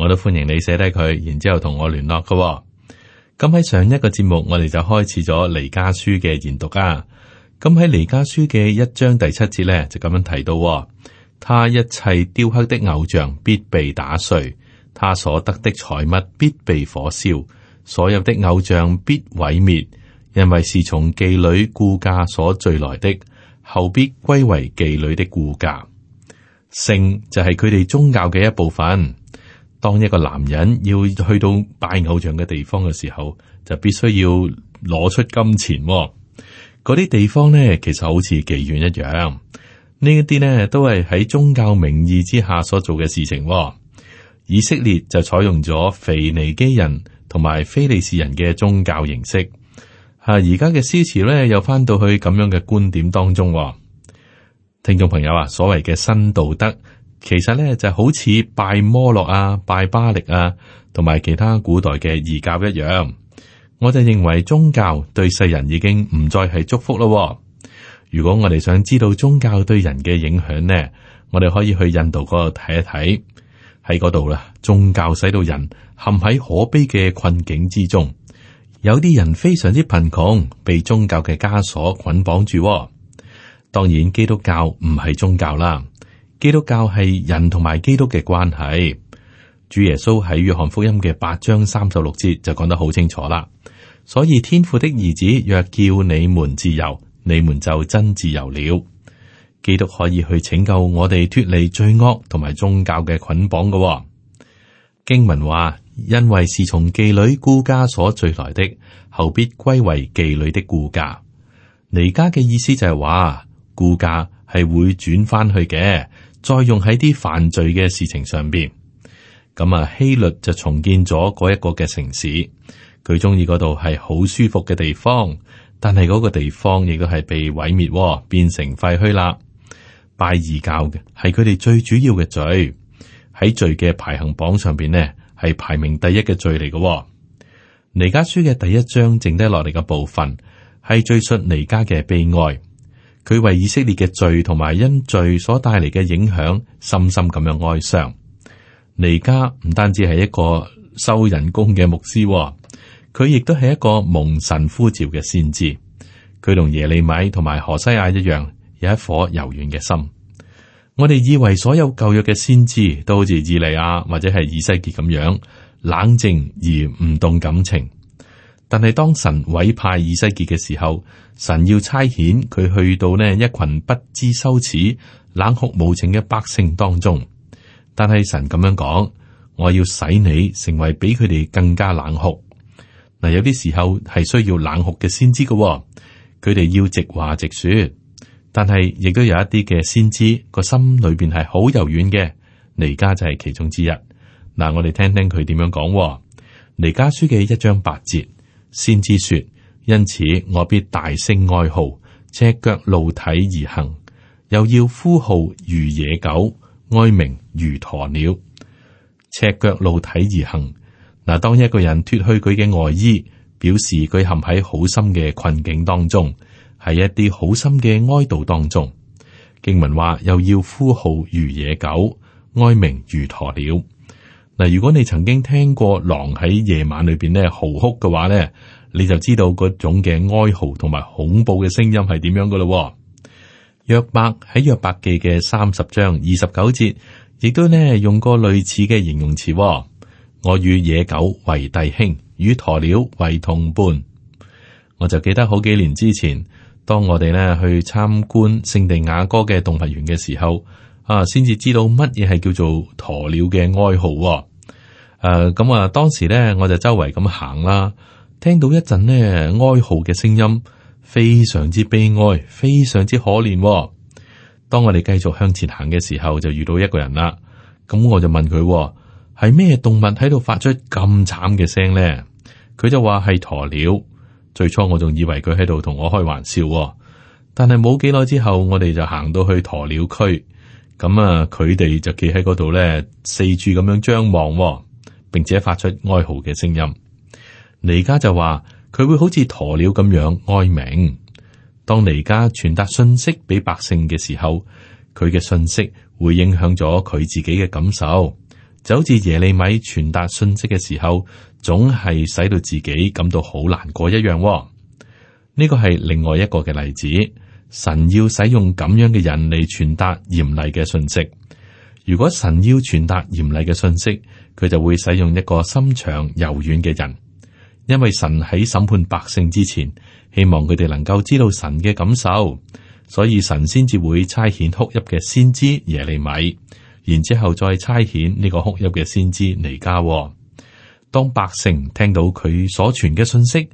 我都歡迎你寫低佢，然之後同我聯絡嘅，哦。咁，嗯，喺上一個節目，我哋就開始咗《彌迦書》嘅研讀啊。咁，嗯，喺《彌迦書》嘅一章第七節呢，就咁樣提到、哦：，他一切雕刻的偶像必被打碎，他所得的財物必被火燒，所有的偶像必毀滅，因為是從妓女雇價所聚來的，後必歸為妓女的雇價。性就係佢哋宗教嘅一部分。當一個男人要去到拜偶像嘅地方嘅時候，就必須要攞出金錢、哦。嗰啲地方咧，其實好似妓院一樣。呢一啲咧，都係喺宗教名義之下所做嘅事情、哦。以色列就採用咗腓尼基人同埋非利士人嘅宗教形式。吓、啊，而家嘅詩詞咧，又翻到去咁樣嘅觀點當中、哦。聽眾朋友啊，所謂嘅新道德。其實咧就好似拜摩洛啊、拜巴力啊，同埋其他古代嘅異教一樣，我哋認為宗教對世人已經唔再係祝福咯，哦。如果我哋想知道宗教對人嘅影響呢，我哋可以去印度嗰度睇一睇。喺嗰度啦，宗教使到人陷喺可悲嘅困境之中，有啲人非常之貧窮，被宗教嘅枷鎖捆綁住，喎。當然基督教唔係宗教啦。基督教係人同埋基督嘅關係，主耶穌喺約翰福音嘅八章三十六節就講得好清楚啦。所以天父的兒子若叫你們自由，你們就真自由了。基督可以去拯救我哋脫離罪惡同埋宗教嘅捆綁嘅、哦。經文話，因為是從妓女僱價所聚來的，後必歸為妓女的僱價。尼家嘅意思就係話，僱價係會轉返去嘅。再用喺啲犯罪嘅事情上邊，咁啊希律就重建咗嗰一個嘅城市，佢中意嗰度係好舒服嘅地方，但係嗰個地方亦都係被毀滅、哦，變成廢墟啦。拜二教嘅係佢哋最主要嘅罪，喺罪嘅排行榜上邊咧係排名第一嘅罪嚟嘅。、哦。彌迦書嘅第一章剩低落嚟嘅部分，係敘述彌迦嘅悲哀。佢為以色列嘅罪同埋因罪所帶嚟嘅影響，深深咁樣哀傷。彌迦唔單止係一個收人工嘅牧師，哦，佢亦都係一個蒙神呼召嘅先知。佢同耶利米同埋何西亞一樣，有一顆柔軟嘅心。我哋以為所有舊約嘅先知都好似以利亞或者係以西結咁樣冷靜而唔動感情。但係，當神委派以西結嘅時候，神要差遣佢去到呢一群不知羞恥、冷酷無情嘅百姓當中。但係神咁樣講，我要使你成為比佢哋更加冷酷嗱。有啲時候係需要冷酷嘅先知嘅，哦，佢哋要直話直說。但係亦都有一啲嘅先知個心裏邊係好柔軟嘅，彌迦就係其中之一。嗱，我哋聽聽佢點樣講，哦。彌迦書嘅一章八節。先知說，因此我必大聲哀號，赤腳露體而行，又要呼號如野狗，哀鳴如鴕鳥。赤腳露體而行，嗱，當一個人脫去佢嘅外衣，表示佢陷喺好深嘅困境當中，係一啲好深嘅哀悼當中。經文話，又要呼號如野狗，哀鳴如鴕鳥。嗱，如果你曾經聽過狼喺夜晚裏邊咧嚎哭嘅話咧，你就知道嗰種嘅哀嚎同埋恐怖嘅聲音係點樣噶啦。約伯喺約伯記嘅三十章二十九節，亦都咧用過類似嘅形容詞。我與野狗為弟兄，與鴕鳥為同伴。我就記得好幾年之前，當我哋咧去參觀聖地雅哥嘅動物園嘅時候，啊，先至知道乜嘢係叫做鴕鳥嘅哀嚎。誒，咁啊、嗯、啊，當時咧，我就周圍咁行啦，聽到一陣咧哀嚎嘅聲音，非常之悲哀，非常之可憐、哦。當我哋繼續向前行嘅時候，就遇到一個人啦。咁、嗯、我就問佢係咩動物喺度發出咁慘嘅聲咧？佢就話係鴕鳥。最初我仲以為佢喺度同我開玩笑、哦，但係冇幾耐之後，我哋就行到去鴕鳥區，咁、嗯、啊，佢哋就企喺嗰度咧，四處咁樣張望、哦。並且發出哀嚎嘅聲音，彌迦就話佢會好似鴕鳥咁樣哀鳴。當彌迦傳達信息俾百姓嘅時候，佢嘅信息會影響咗佢自己嘅感受，就好似耶利米傳達信息嘅時候，總係使到自己感到好難過一樣，哦。呢個係另外一個嘅例子。神要使用咁樣嘅人嚟傳達嚴厲嘅信息。如果神要傳達嚴厲嘅信息，佢就會使用一個心腸柔軟嘅人，因為神喺審判百姓之前，希望佢哋能夠知道神嘅感受，所以神先至會差遣哭泣嘅先知耶利米，然之後再差遣呢個哭泣嘅先知彌迦。當百姓聽到佢所傳嘅信息，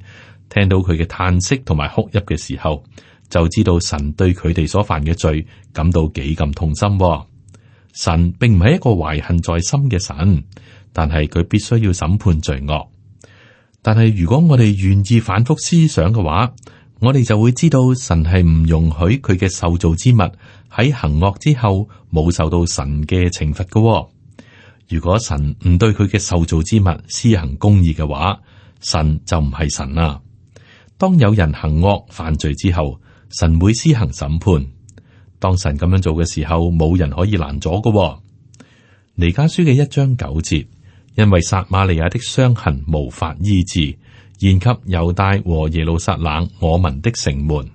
聽到佢嘅嘆息同埋哭泣嘅時候，就知道神對佢哋所犯嘅罪感到幾咁痛心。神並唔係一個懷恨在心嘅神。但係佢必須要審判罪惡。但係如果我哋願意反覆思想嘅話，我哋就會知道神係唔容許佢嘅受造之物喺行惡之後冇受到神嘅懲罰嘅。如果神唔對佢嘅受造之物施行公義嘅話，神就唔係神啦。當有人行惡犯罪之後，神會施行審判。當神咁樣做嘅時候，冇人可以攔阻嘅，哦。彌迦書嘅一章九節。因為撒瑪利亞的傷痕無法醫治，延及猶大和耶路撒冷我民的城門。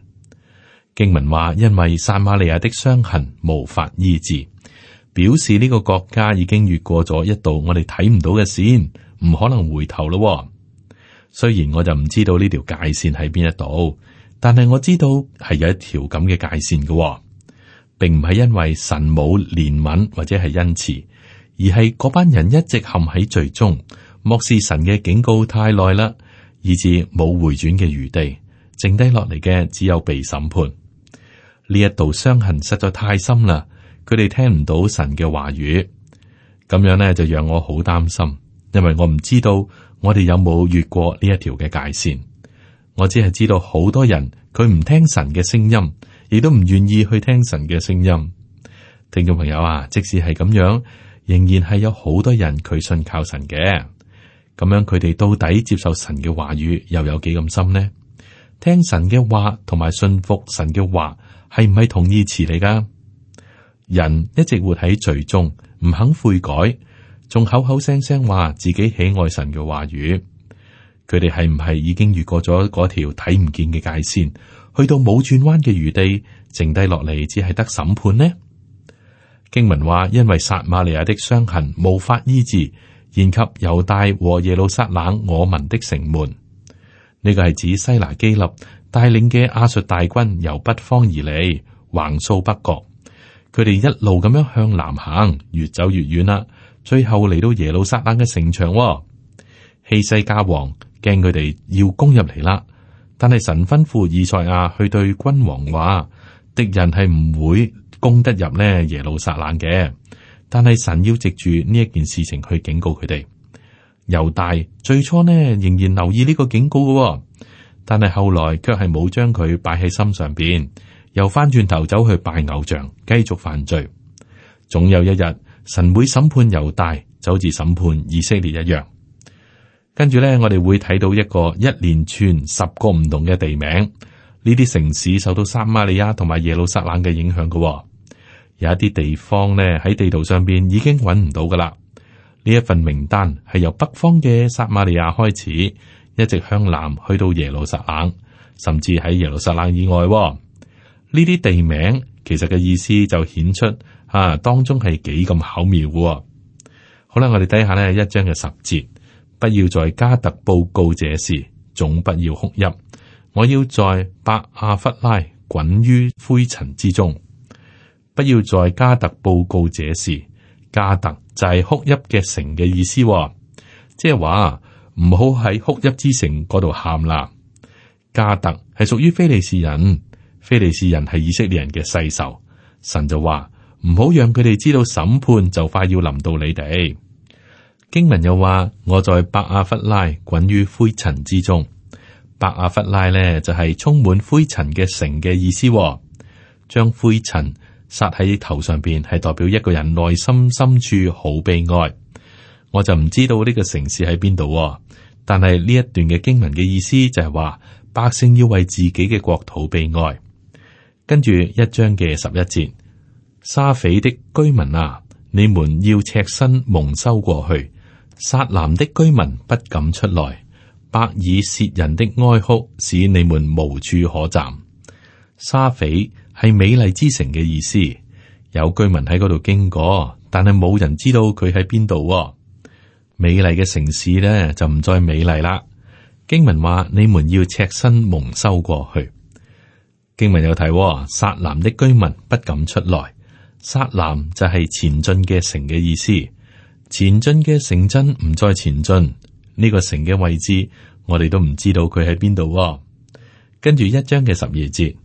經文話，因為撒瑪利亞的傷痕無法醫治，表示呢個國家已經越過咗一道我哋睇唔到嘅線，唔可能回頭咯、哦。雖然我就唔知道呢條界線喺邊一度，但係我知道係有一條咁嘅界線嘅、哦，並唔係因為神冇憐憫或者係恩慈。而係嗰班人一直陷喺罪中，漠視神嘅警告太耐啦，以至冇回轉嘅餘地，剩低落嚟嘅只有被審判。呢一度傷痕實在太深啦，佢哋聽唔到神嘅話語，咁樣呢，就讓我好擔心，因為我唔知道我哋有冇越過呢一條嘅界線。我只係知道好多人佢唔聽神嘅聲音，亦都唔願意去聽神嘅聲音。聽眾朋友啊，即使係咁樣。仍然係有好多人佢信靠神嘅，咁樣佢哋到底接受神嘅話語又有幾咁深呢？聽神嘅話同埋信服神嘅話係唔係同義詞嚟㗎？人一直活喺罪中，唔肯悔改，仲口口聲聲話自己喜愛神嘅話語，佢哋係唔係已經越過咗嗰條睇唔見嘅界線，去到冇轉彎嘅餘地，剩低落嚟只係得審判呢？經文話，因為撒瑪利亞的傷痕無法醫治，延及猶大和耶路撒冷，我民的城門。呢、這個係指西拿基立帶領嘅亞述大軍由北方而嚟，橫掃北國。佢哋一路咁樣向南行，越走越遠啦。最後嚟到耶路撒冷嘅城牆，氣勢加旺，驚佢哋要攻入嚟啦。但係神吩咐以賽亞去對君王話：敵人係唔會。攻得入呢耶路撒冷嘅，但係神要藉住呢一件事情去警告佢哋。猶大最初呢仍然留意呢個警告嘅，哦，但係後來卻係冇將佢擺喺心上邊，又翻轉頭走去拜偶像，繼續犯罪。總有一日，神會審判猶大，就好似審判以色列一樣。跟住呢，我哋會睇到一個一連串十個唔同嘅地名，呢啲城市受到撒瑪利亞同埋耶路撒冷嘅影響嘅，哦。有一啲地方咧喺地圖上邊已經揾唔到噶啦，呢一份名單係由北方嘅撒馬利亞開始，一直向南去到耶路撒冷，甚至喺耶路撒冷以外、哦。呢啲地名其實嘅意思就顯出啊當中係幾咁巧妙、哦。好啦，我哋睇下咧一章嘅十節，不要在迦特報告這事，總不要哭泣，我要在伯亞弗拉滾於灰塵之中。不要在加特報告這事。加特就係哭泣嘅城嘅意思、哦，即係話唔好喺哭泣之城嗰度喊啦。加特係屬於非利士人，非利士人係以色列人嘅世仇。神就話唔好讓佢哋知道審判就快要臨到你哋。經文又話，我在伯阿弗拉滾於灰塵之中。伯阿弗拉咧就係、是、充滿灰塵嘅城嘅意思、哦，將灰塵。殺喺頭上邊係代表一個人內心深處好悲哀，我就唔知道呢個城市喺邊度。但係呢一段嘅經文嘅意思就係話，百姓要為自己嘅國土悲哀。跟住一章嘅十一節，沙斐的居民啊，你們要赤身蒙羞過去；撒南的居民不敢出來，伯以薛人的哀哭使你們無處可站。沙斐。係美麗之城嘅意思，有居民喺嗰度經過，但係冇人知道佢喺邊度。美麗嘅城市咧就唔再美麗啦。經文話：你們要赤身蒙羞過去。經文有提、哦，撒南的居民不敢出來。撒南就係前進嘅城嘅意思。前進嘅城真唔再前進，呢、這個城嘅位置我哋都唔知道佢喺邊度。跟住一章嘅十二節。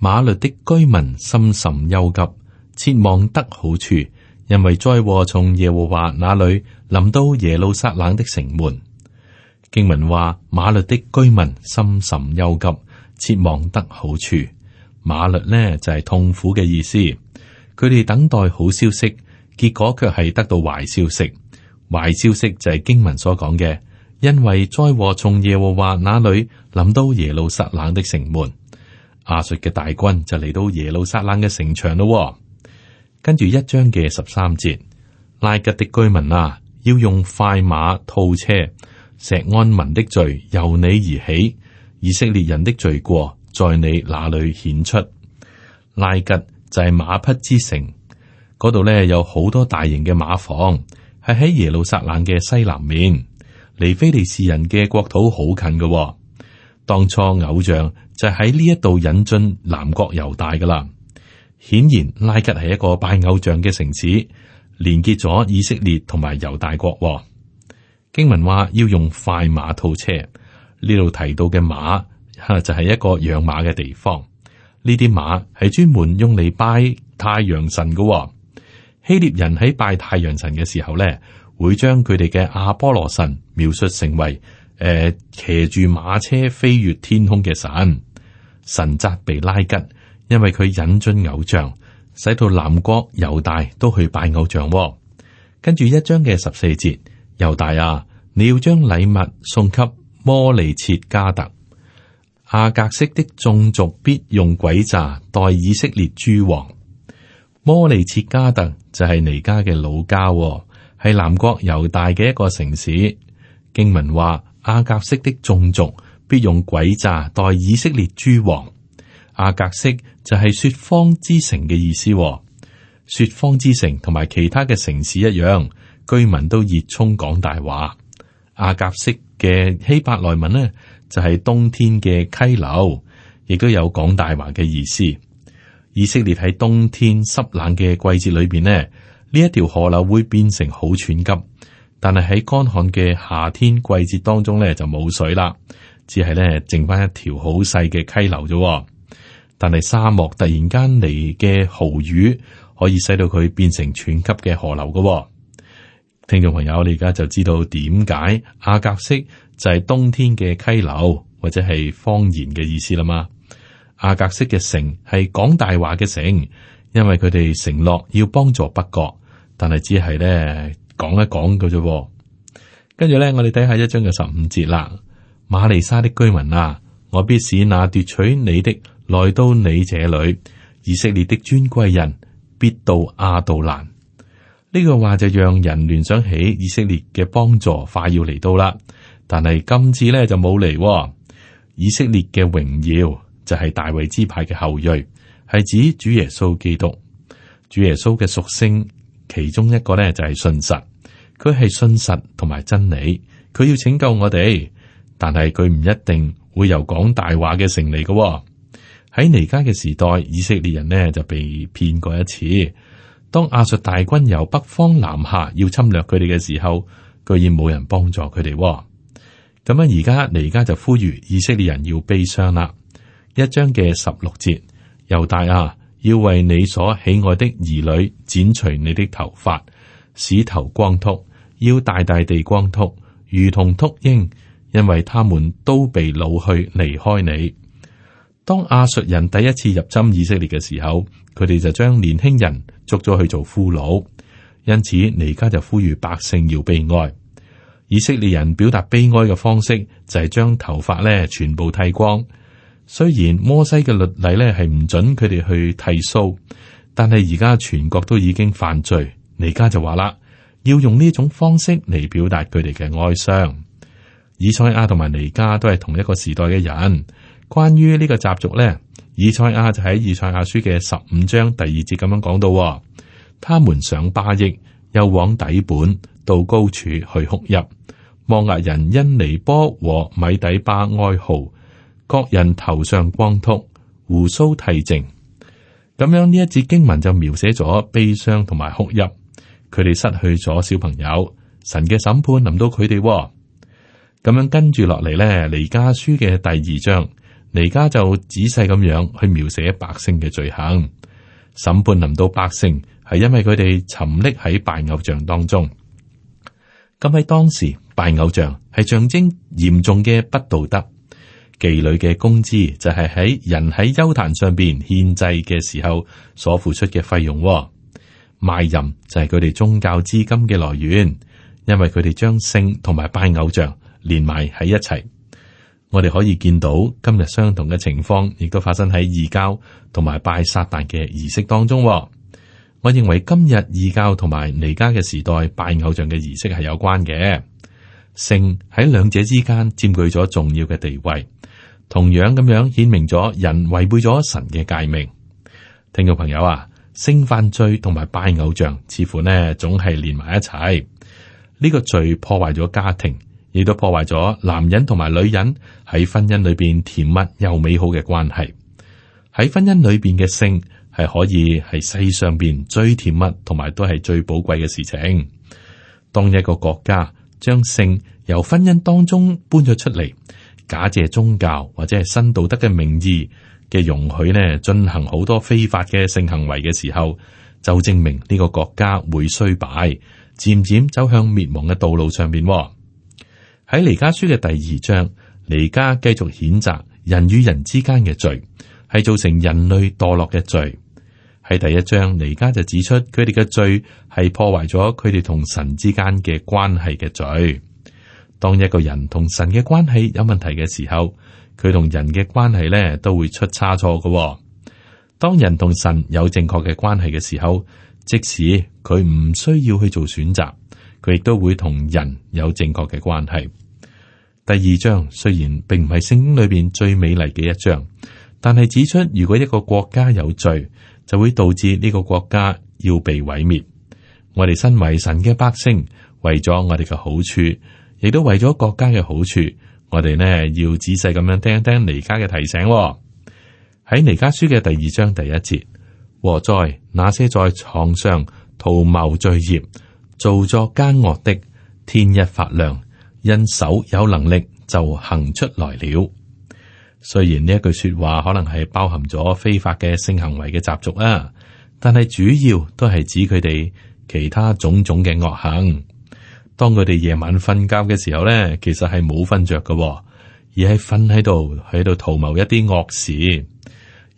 馬律的居民心甚憂急，切望得好處，因為災禍從耶和華那裏臨到耶路撒冷的城門。經文話：馬律的居民心甚憂急，切望得好處。馬律呢就係、是、痛苦嘅意思，佢哋等待好消息，結果卻係得到壞消息。壞消息就係經文所講嘅，因為災禍從耶和華那裏臨到耶路撒冷的城門。亞述嘅大軍就嚟到耶路撒冷嘅城牆咯、哦，跟住一章嘅十三節，拉吉的居民啊，要用快馬套車，錫安民的罪由你而起，以色列人的罪過在你那裏顯出。拉吉就係馬匹之城，嗰度呢有好多大型嘅馬房，係喺耶路撒冷嘅西南面，離非利士人嘅國土好近嘅、哦。當初偶像。就喺呢一度引進南國猶大噶啦，顯然拉吉係一個拜偶像嘅城市，連結咗以色列同埋猶大國。經文話要用快馬套車，呢度提到嘅馬吓就係一個養馬嘅地方，呢啲馬係專門用嚟拜太陽神嘅。希臘人喺拜太陽神嘅時候咧，會將佢哋嘅阿波羅神描述成為誒騎住馬車飛越天空嘅神。神責備拉吉，因為佢引進偶像，使到南國猶大都去拜偶像、哦。跟住一章嘅十四節，猶大啊，你要將禮物送給摩利設迦特。亞革悉的眾族必用詭詐待以色列諸王。摩利設迦特就係彌迦嘅老家、哦，係南國猶大嘅一個城市。經文話亞革悉的眾族。必用詭詐待以色列諸王。亞革悉就係說謊之城嘅意思、哦。說謊之城同埋其他嘅城市一樣，居民都熱衷講大話。亞革悉嘅希伯來文呢，就係、是、冬天嘅溪流，亦都有講大話嘅意思。以色列喺冬天濕冷嘅季節裏邊呢，呢一條河流會變成好湍急，但係喺乾旱嘅夏天季節當中呢，就冇水啦。只係咧剩翻一條好細嘅溪流啫，但係沙漠突然間嚟嘅豪雨，可以使到佢變成湍急嘅河流噶。聽眾朋友，你而家就知道點解阿格式就係冬天嘅溪流或者係謊言嘅意思啦嘛。阿格式嘅城係講大話嘅城，因為佢哋承諾要幫助北國，但係只係咧講一講嘅啫。跟住咧，我哋睇下一章嘅十五節啦。瑪利沙的居民啊，我必使那奪取你的來到你這裏。以色列的尊貴人必到亞杜蘭。呢句話就讓人聯想起以色列嘅幫助快要嚟到啦。但係今次呢，就冇嚟喎。以色列嘅榮耀就係大衛支派嘅後裔，係指主耶穌基督。主耶穌嘅屬性，其中一個呢，就係信實，佢係信實同埋真理。佢要拯救我哋。但係佢唔一定會有講大話嘅城嚟噶喎。喺尼加嘅時代，以色列人呢就被騙過一次。當亞述大軍由北方南下要侵略佢哋嘅時候，居然冇人幫助佢哋，哦。咁啊，而家尼加就呼籲以色列人要悲傷啦。一章嘅十六節，猶大啊，要為你所喜愛的兒女剪除你的頭髮，使頭光禿，要大大地光禿，如同禿鷹。因為他們都被擄去離開你。當亞述人第一次入侵以色列嘅時候，佢哋就將年輕人捉咗去做俘虜。因此，彌迦就呼籲百姓要悲哀。以色列人表達悲哀嘅方式就係將頭髮咧全部剃光。雖然摩西嘅律例咧係唔准佢哋去剃鬚，但係而家全國都已經犯罪。彌迦就話啦，要用呢種方式嚟表達佢哋嘅哀傷。以賽亞同埋彌迦都係同一個時代嘅人。關於呢個習俗呢，以賽亞就喺以賽亞書嘅十五章第二節咁樣講到，哦，他們上巴益，又往底本到高處去哭泣。摩押人因尼波和米底巴哀號，各人頭上光禿，鬍鬚剃淨。咁樣呢一節經文就描寫咗悲傷同埋哭泣，佢哋失去咗小朋友，神嘅審判臨到佢哋，哦。咁樣跟住落嚟呢，彌迦書嘅第二章，彌迦就仔細咁樣去描寫百姓嘅罪行。審判臨到百姓，係因為佢哋沉溺喺拜偶像當中。咁喺當時，拜偶像係象徵嚴重嘅不道德。妓女嘅工資就係喺人喺邱壇上邊獻祭嘅時候所付出嘅費用。賣淫就係佢哋宗教資金嘅來源，因為佢哋將性同埋拜偶像。連埋喺一齊，我哋可以見到今日相同嘅情況，亦都發生喺異教同埋拜撒旦嘅儀式當中。我認為今日異教同埋彌迦嘅時代拜偶像嘅儀式係有關嘅。性喺兩者之間佔據咗重要嘅地位，同樣咁樣顯明咗人違背咗神嘅誡命。聽眾朋友啊，性犯罪同埋拜偶像，似乎呢總係連埋一齊。呢、這個罪破壞咗家庭。亦都破壞咗男人同埋女人喺婚姻裏邊甜蜜又美好嘅關係。喺婚姻裏邊嘅性係可以係世上邊最甜蜜，同埋都係最寶貴嘅事情。當一個國家將性由婚姻當中搬咗出嚟，假借宗教或者係新道德嘅名義嘅容許呢，進行好多非法嘅性行為嘅時候，就證明呢個國家會衰敗，漸漸走向滅亡嘅道路上邊。喺彌迦書嘅第二章，彌迦繼續譴責人與人之間嘅罪，係造成人類墮落嘅罪。喺第一章，彌迦就指出佢哋嘅罪係破壞咗佢哋同神之間嘅關係嘅罪。當一個人同神嘅關係有問題嘅時候，佢同人嘅關係呢都會出差錯㗎喎。當人同神有正確嘅關係嘅時候，即使佢唔需要去做選擇。佢亦都會同人有正確嘅關係。第二章雖然並唔係聖經裏邊最美麗嘅一章，但係指出如果一個國家有罪，就會導致呢個國家要被毀滅。我哋身為神嘅百姓，為咗我哋嘅好處，亦都為咗國家嘅好處，我哋呢要仔細咁樣聽一聽彌迦嘅提醒。喺彌迦書嘅第二章第一節，禍哉那些在床上圖謀罪孽，做作奸惡的，天一發亮，因手有能力就行出來了。雖然呢一句說話可能係包含咗非法嘅性行為嘅習俗啊，但係主要都係指佢哋其他種種嘅惡行。當佢哋夜晚瞓覺嘅時候咧，其實係冇瞓着嘅，而喺瞓喺度喺度圖謀一啲惡事。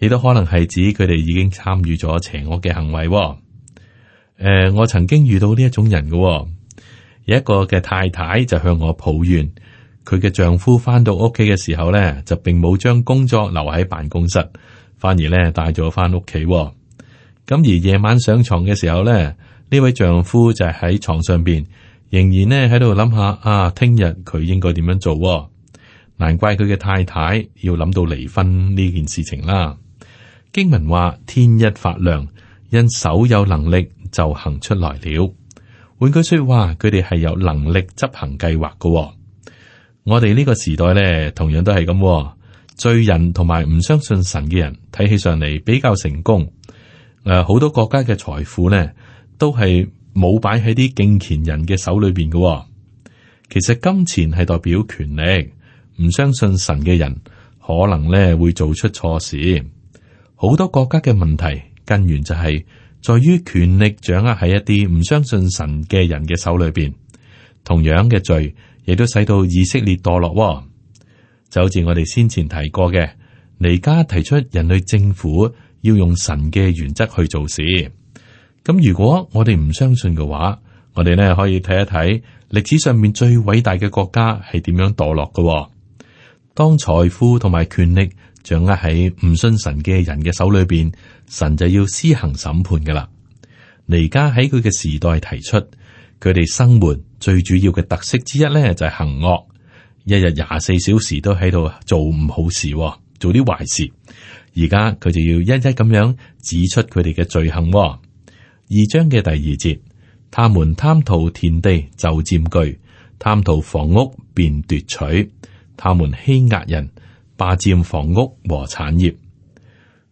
亦都可能係指佢哋已經參與咗邪惡嘅行為。誒、呃，我曾經遇到呢一種人嘅。哦，有一個嘅太太就向我抱怨，佢嘅丈夫翻到屋企嘅時候呢，就並冇將工作留喺辦公室，反而呢帶咗翻屋企。咁而夜晚上，上床嘅時候呢，呢位丈夫就喺床上邊，仍然呢喺度諗下啊，聽日佢應該點樣做，哦？難怪佢嘅太太要諗到離婚呢件事情啦。經文話：天一發亮。因手有能力就行出來了，換句說話，佢哋係有能力執行計劃㗎。我哋呢個時代咧，同樣都係咁、哦，罪人同埋唔相信神嘅人，睇起上嚟比較成功。誒、呃，好多國家嘅財富咧，都係冇擺喺啲敬虔人嘅手裏邊㗎、哦。其實金錢係代表權力，唔相信神嘅人可能咧會做出錯事，好多國家嘅問題。根源就係在於權力掌握喺一啲唔相信神嘅人嘅手裏邊，同樣嘅罪亦都使到以色列墮落、哦。就好似我哋先前提過嘅，彌迦提出人類政府要用神嘅原則去做事。咁如果我哋唔相信嘅話，我哋咧可以睇一睇歷史上面最偉大嘅國家係點樣墮落嘅、哦。當財富同埋權力。掌握喺唔信神嘅人嘅手裏邊，神就要施行審判噶啦。彌迦喺佢嘅時代提出，佢哋生活最主要嘅特色之一咧就係行惡，一日廿四小時都喺度做唔好事，做啲壞事。而家佢就要一一咁樣指出佢哋嘅罪行。二章嘅第二節，他們貪圖田地就佔據，貪圖房屋便奪取，他們欺壓人。霸占房屋和產業，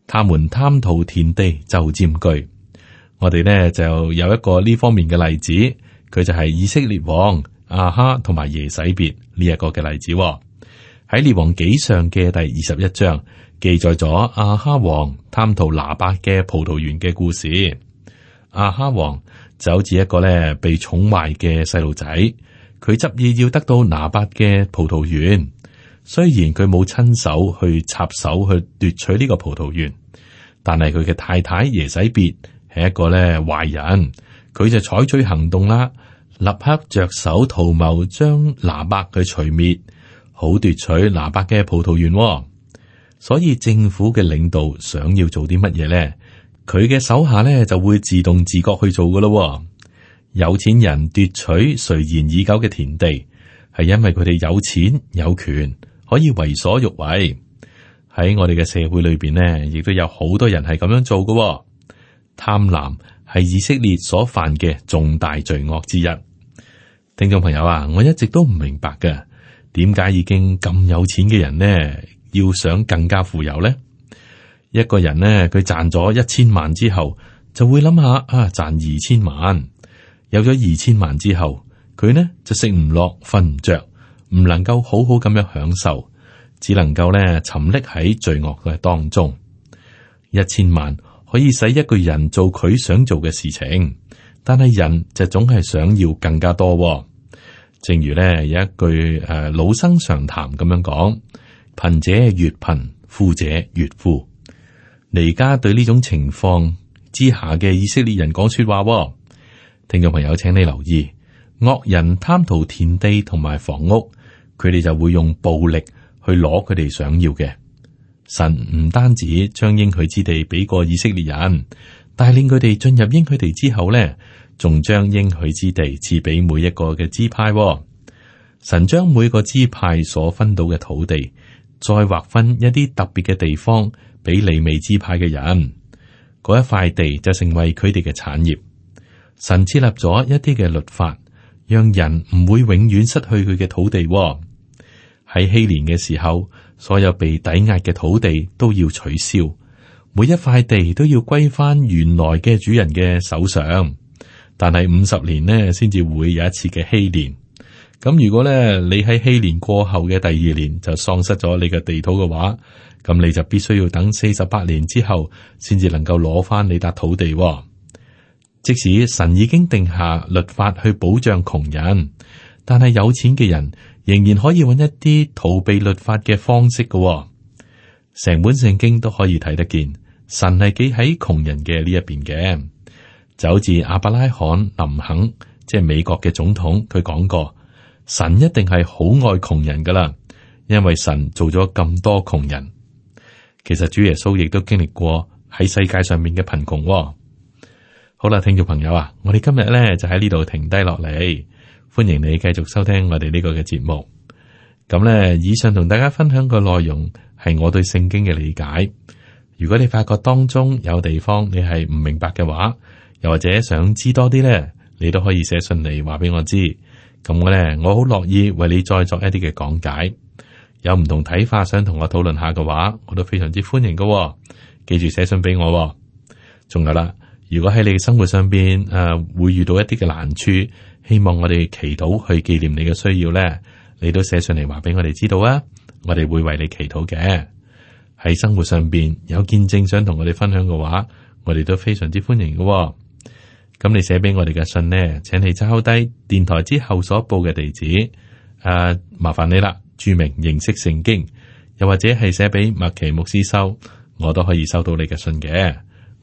他們貪圖田地就占據。我哋呢，就有一個呢方面嘅例子，佢就係以色列王亞哈同埋耶洗別呢一個嘅例子、哦。喺列王紀上嘅第二十一章記載咗亞哈王貪圖拿伯嘅葡萄園嘅故事。亞哈王就好似一個咧被寵壞嘅細路仔，佢執意要得到拿伯嘅葡萄園。雖然佢冇親手去插手去奪取呢個葡萄園，但係佢嘅太太耶洗別係一個咧壞人，佢就採取行動啦，立刻着手圖謀將拿伯去除滅，好奪取拿伯嘅葡萄園、哦。所以政府嘅領導想要做啲乜嘢咧，佢嘅手下咧就會自動自覺去做噶咯、哦。有錢人奪取垂涎已久嘅田地，係因為佢哋有錢有權。可以為所欲為，喺我哋嘅社會裏邊呢，亦都有好多人係咁樣做嘅。貪婪係以色列所犯嘅重大罪惡之一。聽眾朋友啊，我一直都唔明白嘅，點解已經咁有錢嘅人呢，要想更加富有呢？一個人呢，佢賺咗一千萬之後，就會諗下啊，賺二千萬。有咗二千萬之後，佢呢，就食唔落，瞓唔着。唔能夠好好咁樣享受，只能夠呢，沉溺喺罪惡嘅當中。一千萬可以使一個人做佢想做嘅事情，但係人就總係想要更加多，哦。正如呢有一句誒、呃、老生常談咁樣講：貧者越貧，富者越富。彌迦對呢種情況之下嘅以色列人講說話，哦，聽眾朋友，請你留意：惡人貪圖田地同埋房屋。佢哋就會用暴力去攞佢哋想要嘅。神唔單止將應許之地俾個以色列人，但係帶領佢哋進入應許地之後呢，仲將應許之地賜俾每一個嘅支派，哦。神將每個支派所分到嘅土地，再劃分一啲特別嘅地方俾利未支派嘅人。嗰一塊地就成為佢哋嘅產業。神設立咗一啲嘅律法，讓人唔會永遠失去佢嘅土地，哦。喺禧年嘅時候，所有被抵押嘅土地都要取消，每一塊地都要歸翻原來嘅主人嘅手上。但係五十年呢，先至會有一次嘅禧年。咁如果咧，你喺禧年過後嘅第二年就喪失咗你嘅地土嘅話，咁你就必須要等四十八年之後，先至能夠攞翻你笪土地，哦。即使神已經定下律法去保障窮人，但係有錢嘅人。仍然可以揾一啲逃避律法嘅方式嘅、哦，成本聖經都可以睇得見，神係企喺窮人嘅呢一邊嘅，就好似阿伯拉罕林肯，即係美國嘅總統，佢講過，神一定係好愛窮人噶啦，因為神做咗咁多窮人，其實主耶穌亦都經歷過喺世界上面嘅貧窮、哦。好啦，聽眾朋友啊，我哋今日咧就喺呢度停低落嚟。歡迎你繼續收聽我哋呢個嘅節目。咁咧，以上同大家分享嘅內容係我對聖經嘅理解。如果你發覺當中有地方你係唔明白嘅話，又或者想知多啲咧，你都可以寫信嚟話俾我知。咁我咧，我好樂意為你再作一啲嘅講解。有唔同睇法想同我討論下嘅話，我都非常之歡迎嘅喎。記住寫信俾我喎。仲有啦，如果喺你嘅生活上邊誒，啊，會遇到一啲嘅難處。希望我哋祈禱去紀念你嘅需要咧，你都寫上嚟話俾我哋知道啊！我哋會為你祈禱嘅。喺生活上邊有見證想同我哋分享嘅話，我哋都非常之歡迎嘅。咁你寫俾我哋嘅信呢，請你抄低電台之後所報嘅地址。誒、啊，麻煩你啦，注明認識聖經，又或者係寫俾麥奇牧師收，我都可以收到你嘅信嘅。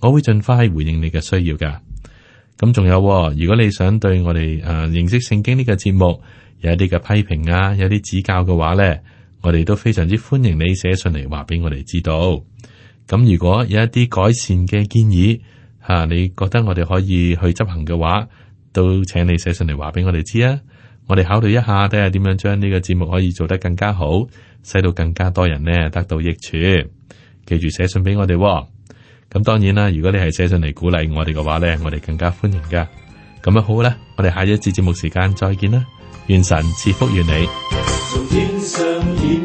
我會盡快回應你嘅需要噶。咁仲有、哦，如果你想對我哋誒認識聖經呢個節目有一啲嘅批評啊，有啲指教嘅話咧，我哋都非常之歡迎你寫信嚟話俾我哋知道。咁、啊、如果有一啲改善嘅建議，吓、啊、你覺得我哋可以去執行嘅話，都請你寫信嚟話俾我哋知啊。我哋考慮一下，睇下點樣將呢個節目可以做得更加好，使到更加多人咧得到益處。記住寫信俾我哋、哦。咁當然啦，如果你係寫信嚟鼓勵我哋嘅話咧，我哋更加歡迎噶。咁啊好啦，我哋下一次節目時間再見啦，願神賜福於你。從天上演